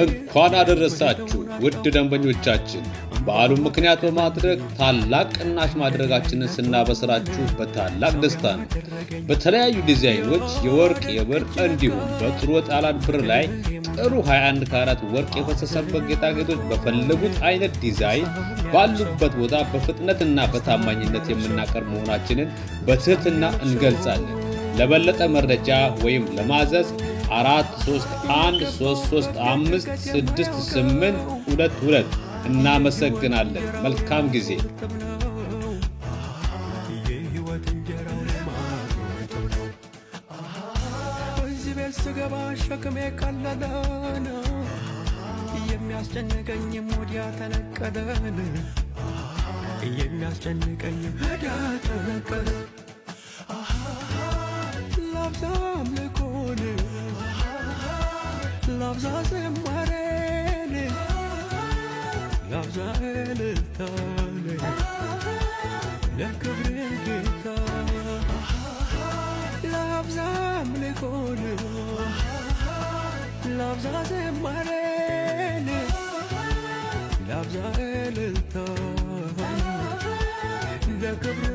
እንኳን አደረሳችሁ ውድ ደንበኞቻችን። በዓሉን ምክንያት በማድረግ ታላቅ ቅናሽ ማድረጋችንን ስናበስራችሁ በታላቅ ደስታ ነው። በተለያዩ ዲዛይኖች የወርቅ የብር እንዲሁም በጥሩ ጣላን ብር ላይ ጥሩ 21 ካራት ወርቅ የፈሰሰበት ጌጣጌጦች በፈለጉት አይነት ዲዛይን ባሉበት ቦታ በፍጥነትና በታማኝነት የምናቀርብ መሆናችንን በትህትና እንገልጻለን። ለበለጠ መረጃ ወይም ለማዘዝ አራት ሶስት አንድ ሶስት ሶስት አምስት ስድስት ስምንት ሁለት ሁለት እናመሰግናለን። መልካም ጊዜ። ስገባ ሸክሜ ቀለለ ነው የሚያስጨንቀኝ ወዲያ ተነቀለ የሚያስጨንቀኝ ወዲያ ተነቀለ ላብዛ ዝማሬን ላብዛ እልልታን ለክብር ጌታ ላብዛ አምልኮን ላብዛ ዝማሬን ላብዛ እልልታን